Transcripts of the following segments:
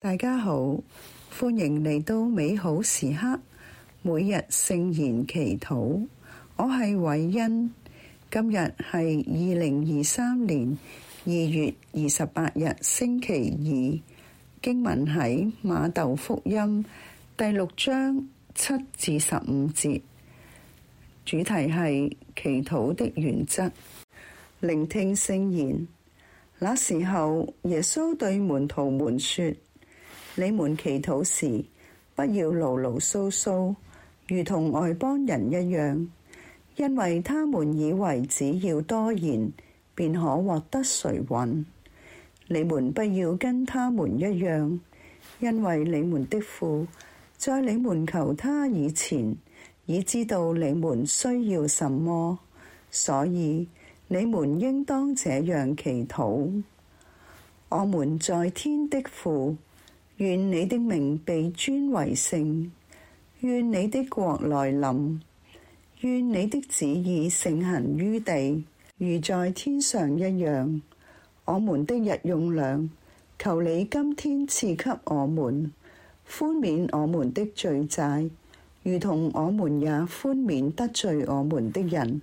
大家好，歡迎嚟到美好時刻。每日聖言祈禱，我係偉恩。今日係二零二三年二月二十八日，星期二。經文喺馬竇福音第六章七至十五節，主題係祈禱的原則。聆聽聖言。那時候，耶穌對門徒們說。你們祈禱時，不要嘮嘮叨叨，如同外邦人一樣，因為他們以為只要多言，便可獲得垂允。你們不要跟他們一樣，因為你們的父，在你們求祂以前，已知道你們需要什麼，所以你們應當這樣祈禱：我們在天的父。願你的名被尊為聖，願你的國來臨，願你的旨意承行於地，如在天上一樣。我們的日用糧，求你今天賜給我們，寬免我們的罪債，如同我們也寬免得罪我們的人。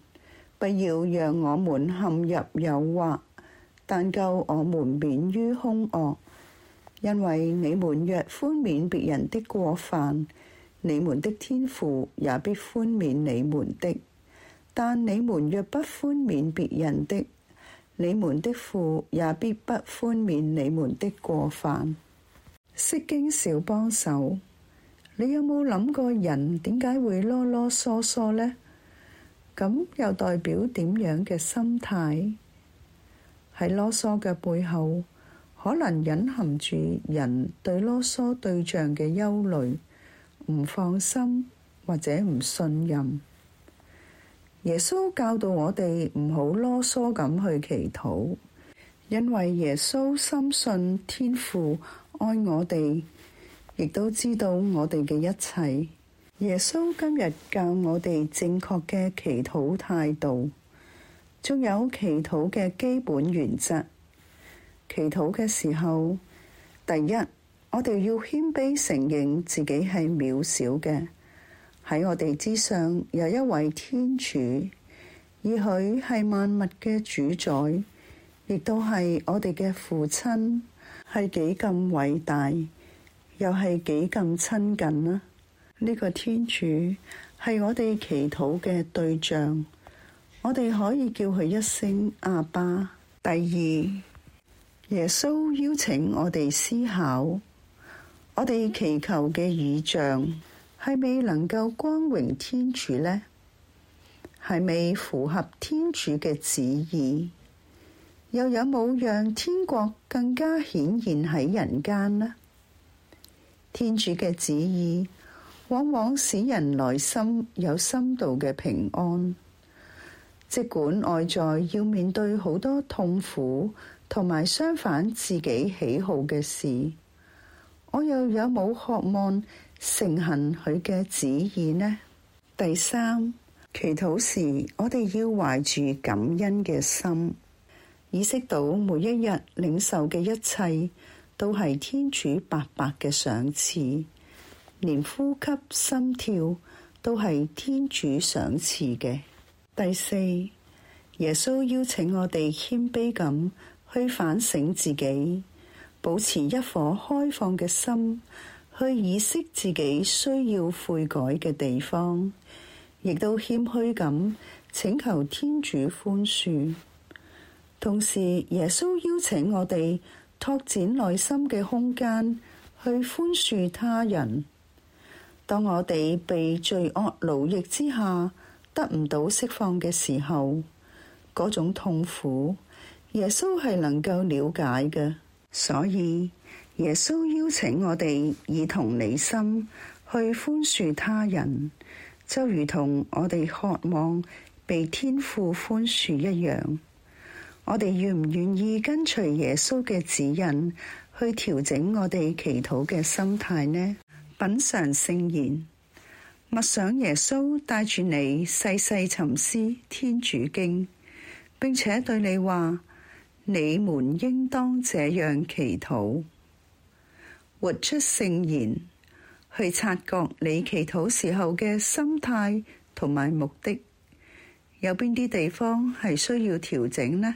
不要讓我們陷入誘惑，但救我們免於凶惡。因為你們若寬免別人的過犯，你們的天父也必寬免你們的；但你們若不寬免別人的，你們的父也必不寬免你們的過犯。釋經小幫手，你有冇諗過人點解會囉囉嗦嗦呢？咁又代表點樣嘅心態？喺囉嗦嘅背後，可能隱含住人對囉嗦對象嘅憂慮、唔放心或者唔信任。耶穌教導我哋唔好囉嗦咁去祈禱，因為耶穌深信天父愛我哋，亦都知道我哋嘅一切。耶穌今日教我哋正確嘅祈禱態度，仲有祈禱嘅基本原則。祈禱嘅時候，第一，我哋要謙卑承認自己係渺小嘅，喺我哋之上有一位天主，以佢係萬物嘅主宰，亦都係我哋嘅父親，係幾咁偉大，又係幾咁親近啊！呢、呢個天主係我哋祈禱嘅對象，我哋可以叫佢一聲阿爸。第二。耶穌邀請我哋思考：我哋祈求嘅意象係咪能夠光榮天主呢？係咪符合天主嘅旨意？又有冇讓天國更加顯現喺人間呢？天主嘅旨意往往使人內心有深度嘅平安。即管外在要面對好多痛苦同埋相反自己喜好嘅事，我又有冇渴望承行佢嘅旨意呢？第三，祈禱時我哋要懷住感恩嘅心，意識到每一日領受嘅一切都係天主白白嘅賞賜，連呼吸心跳都係天主賞賜嘅。第四，耶穌邀請我哋謙卑咁去反省自己，保持一顆開放嘅心，去意識自己需要悔改嘅地方，亦都謙虛咁請求天主寬恕。同時，耶穌邀請我哋拓展內心嘅空間，去寬恕他人。當我哋被罪惡奴役之下，得唔到釋放嘅時候，嗰種痛苦，耶穌係能夠了解嘅。所以耶穌邀請我哋以同理心去寬恕他人，就如同我哋渴望被天父寬恕一樣。我哋願唔願意跟隨耶穌嘅指引去調整我哋祈禱嘅心態呢？品嘗聖言。默想耶穌帶住你細細沉思天主經，並且對你話：你們應當這樣祈禱，活出聖言，去察覺你祈禱時候嘅心態同埋目的，有邊啲地方係需要調整呢？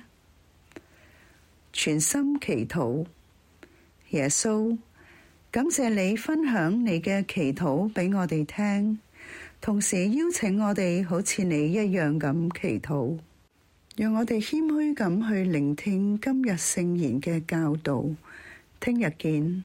全心祈禱，耶穌。感謝你分享你嘅祈禱畀我哋聽，同時邀請我哋好似你一樣咁祈禱，讓我哋謙虛咁去聆聽今日聖言嘅教導。聽日見。